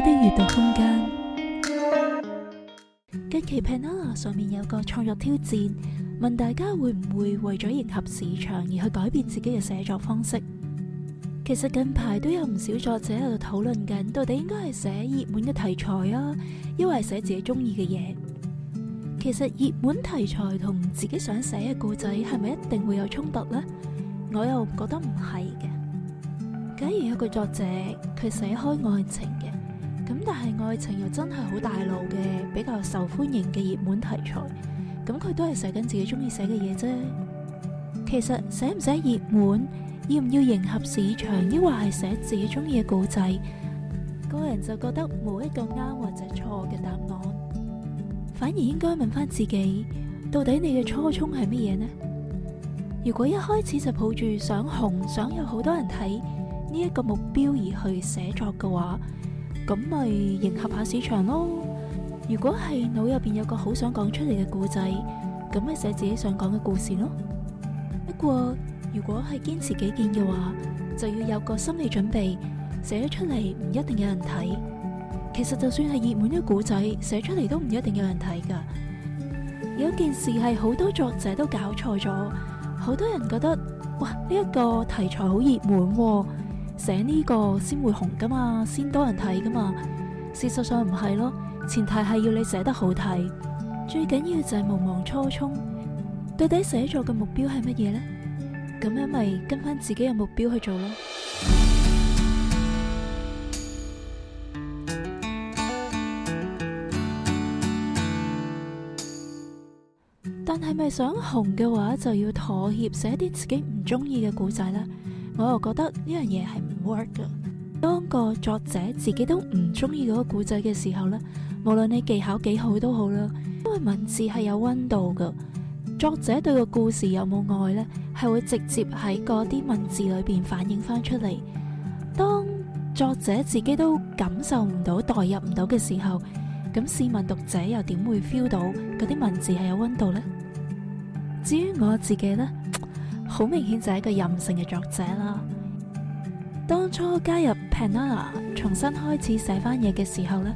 的閱讀空間。近期 Penana 上面有個創作挑戰，問大家會唔會為咗迎合市場而去改變自己嘅寫作方式？其實近排都有唔少作者喺度討論緊，到底應該係寫熱門嘅題材啊，抑或係寫自己中意嘅嘢？其實熱門題材同自己想寫嘅故仔係咪一定會有衝突呢？我又覺得唔係嘅。假如有一個作者佢寫開愛情嘅，咁但係愛情又真係好大路嘅，比較受歡迎嘅熱門題材。咁佢都係寫緊自己中意寫嘅嘢啫。其實寫唔寫熱門，要唔要迎合市場，抑或係寫自己中意嘅故仔，個人就覺得冇一個啱或者錯嘅答案。反而應該問返自己，到底你嘅初衷係乜嘢呢？如果一開始就抱住想紅、想有好多人睇呢一個目標而去寫作嘅話，咁咪迎合下市場咯。如果係腦入邊有個好想講出嚟嘅故仔，咁咪寫自己想講嘅故事咯。不過如果係堅持己見嘅話，就要有個心理準備，寫出嚟唔一定有人睇。其實就算係熱門嘅故仔，寫出嚟都唔一定有人睇噶。有件事係好多作者都搞錯咗，好多人覺得哇呢一個題材好熱門。寫呢個先會紅噶嘛，先多人睇噶嘛。事實上唔係咯，前提係要你寫得好睇，最緊要就係毋忘初衷。到底寫作嘅目標係乜嘢呢？咁樣咪跟翻自己嘅目標去做咯。但係咪想紅嘅話，就要妥協寫一啲自己唔中意嘅古仔咧？我又覺得呢樣嘢係 work 當個作者自己都唔中意嗰個故仔嘅時候呢，無論你技巧幾好都好啦，因為文字係有温度嘅。作者對個故事有冇愛呢？係會直接喺嗰啲文字裏邊反映翻出嚟。當作者自己都感受唔到、代入唔到嘅時候，咁試問讀者又點會 feel 到嗰啲文字係有温度呢？至於我自己呢，好明顯就係一個任性嘅作者啦。當初加入 Penana，重新開始寫翻嘢嘅時候呢，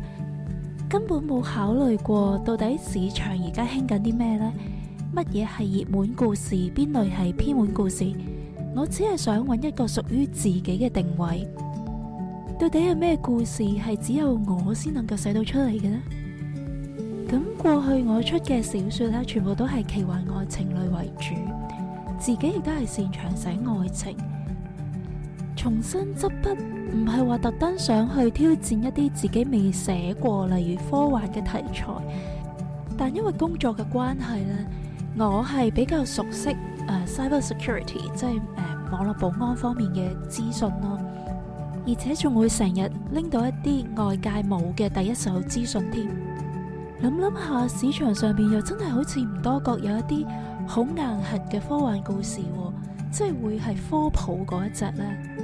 根本冇考慮過到底市場而家興緊啲咩呢，乜嘢係熱門故事，邊類係偏門故事，我只係想揾一個屬於自己嘅定位。到底係咩故事係只有我先能夠寫到出嚟嘅呢？咁過去我出嘅小說呢，全部都係奇幻愛情類為主，自己亦都係擅長寫愛情。重新執筆唔係話特登想去挑戰一啲自己未寫過，例如科幻嘅題材。但因為工作嘅關係咧，我係比較熟悉誒，Cyber Security，即係誒網絡保安方面嘅資訊咯。而且仲會成日拎到一啲外界冇嘅第一手資訊添。諗諗下市場上面又真係好似唔多覺有一啲好硬核嘅科幻故事，即係會係科普嗰一隻咧。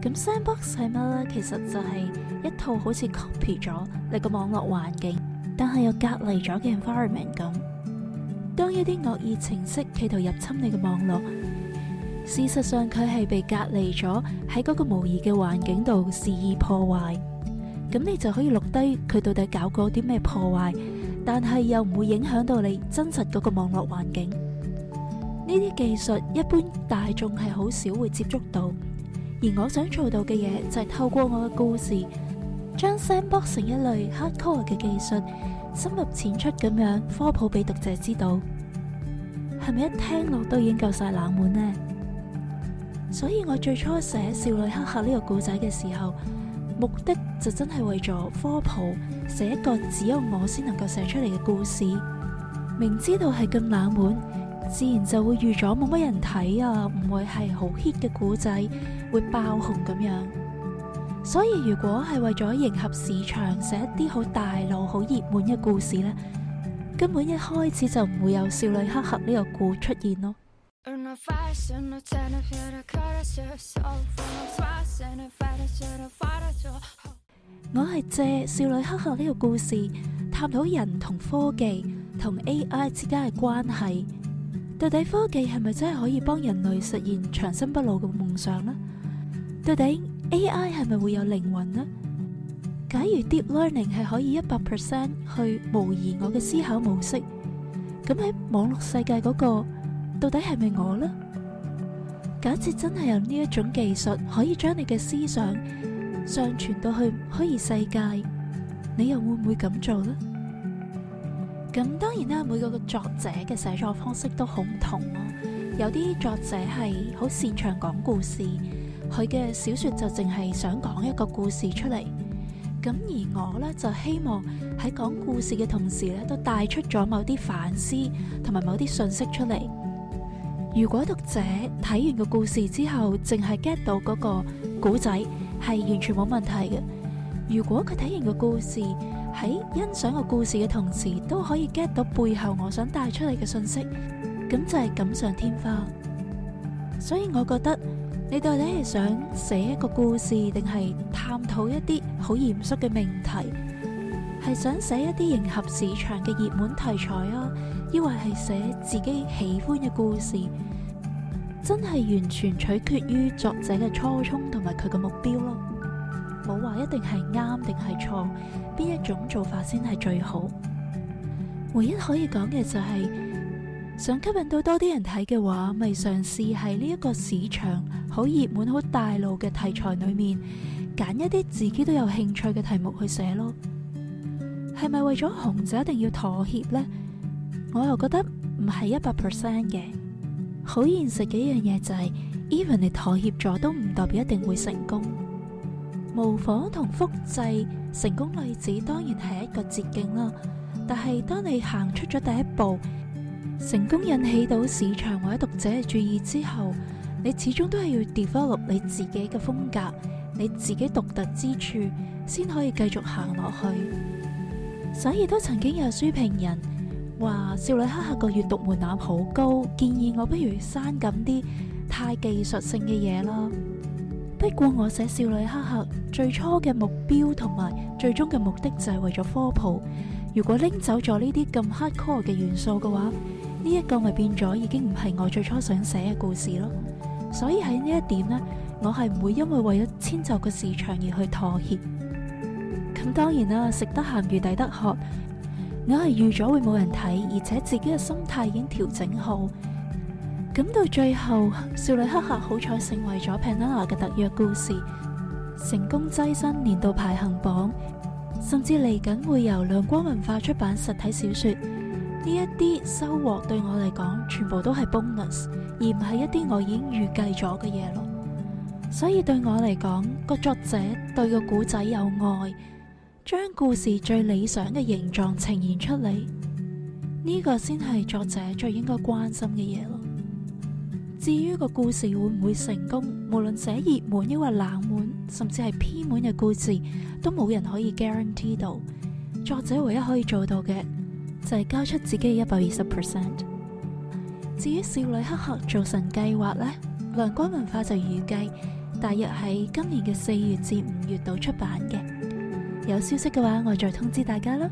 咁 sandbox 係乜咧？其實就係一套好似 copy 咗你個網絡環境，但係又隔離咗嘅 environment 咁。當一啲惡意程式企圖入侵你嘅網絡，事實上佢係被隔離咗喺嗰個模擬嘅環境度肆意破壞。咁你就可以錄低佢到底搞過啲咩破壞，但係又唔會影響到你真實嗰個網絡環境。呢啲技術一般大眾係好少會接觸到。而我想做到嘅嘢就係透過我嘅故事，將 sandbox 成一類 hardcore 嘅技術深入淺出咁樣科普俾讀者知道，係咪一聽落都已經夠晒冷門呢？所以我最初寫《少女黑客》呢個故仔嘅時候，目的就真係為咗科普，寫一個只有我先能夠寫出嚟嘅故事，明知道係咁冷門。自然就會預咗冇乜人睇啊，唔會係好 hit 嘅古仔會爆紅咁樣。所以如果係為咗迎合市場，寫一啲好大路、好熱門嘅故事咧，根本一開始就唔會有少女黑客呢個故出現咯。我係借少女黑客呢個故事探討人同科技同 AI 之間嘅關係。到底科技係咪真係可以幫人類實現長生不老嘅夢想呢？到底 AI 係咪會有靈魂呢？假如 deep learning 係可以一百 percent 去模擬我嘅思考模式，咁喺網絡世界嗰個到底係咪我呢？假設真係有呢一種技術可以將你嘅思想上傳到去虛擬世界，你又會唔會咁做呢？咁當然啦，每個作者嘅寫作方式都好唔同咯。有啲作者係好擅長講故事，佢嘅小說就淨係想講一個故事出嚟。咁而我咧就希望喺講故事嘅同時咧，都帶出咗某啲反思同埋某啲信息出嚟。如果讀者睇完個故事之後，淨係 get 到嗰個古仔，係完全冇問題嘅。如果佢睇完個故事，喺欣賞個故事嘅同時，都可以 get 到背後我想帶出嚟嘅信息，咁就係錦上添花。所以我覺得，你到底係想寫一個故事，定係探討一啲好嚴肅嘅命題，係想寫一啲迎合市場嘅熱門題材啊，抑或係寫自己喜歡嘅故事，真係完全取決於作者嘅初衷同埋佢嘅目標咯。冇話一定係啱定係錯，邊一種做法先係最好？唯一可以講嘅就係，想吸引到多啲人睇嘅話，咪嘗試喺呢一個市場好熱門、好大路嘅題材裏面揀一啲自己都有興趣嘅題目去寫咯。係咪為咗紅就一定要妥協呢？我又覺得唔係一百 percent 嘅。好現實嘅一樣嘢就係，even 你妥協咗都唔代表一定會成功。模仿同複製成功例子當然係一個捷徑啦，但係當你行出咗第一步，成功引起到市場或者讀者嘅注意之後，你始終都係要 develop 你自己嘅風格，你自己獨特之處，先可以繼續行落去。所以都曾經有書評人話《少女黑客》個閱讀門檻好高，建議我不如刪咁啲太技術性嘅嘢啦。不過我寫少女黑客，最初嘅目標同埋最終嘅目的就係為咗科普。如果拎走咗呢啲咁 hardcore 嘅元素嘅話，呢、這、一個咪變咗已經唔係我最初想寫嘅故事咯。所以喺呢一點呢，我係唔會因為為咗遷就個市場而去妥協。咁當然啦，食得鹹魚抵得渴。我係預咗會冇人睇，而且自己嘅心態已經調整好。咁到最後，《少女黑客》好彩成為咗《Penana》嘅特約故事，成功躋身年度排行榜，甚至嚟緊會由亮光文化出版實體小說。呢一啲收穫對我嚟講，全部都係 bonus，而唔係一啲我已經預計咗嘅嘢咯。所以對我嚟講，個作者對個古仔有愛，將故事最理想嘅形狀呈現出嚟，呢個先係作者最應該關心嘅嘢咯。至於個故事會唔會成功，無論寫熱門抑或冷門，甚至係偏門嘅故事，都冇人可以 guarantee 到。作者唯一可以做到嘅，就係交出自己嘅一百二十 percent。至於《少女黑客造神計劃》呢，亮光文化就預計大約喺今年嘅四月至五月度出版嘅。有消息嘅話，我再通知大家啦。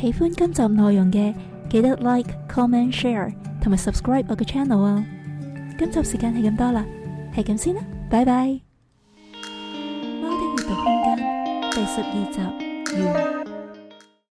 喜歡今集內容嘅，記得 like、comment、share。同埋 subscribe 我嘅 channel 啊！今集時間係咁多啦，係咁先啦，拜拜。貓的閱讀空間第十二集完。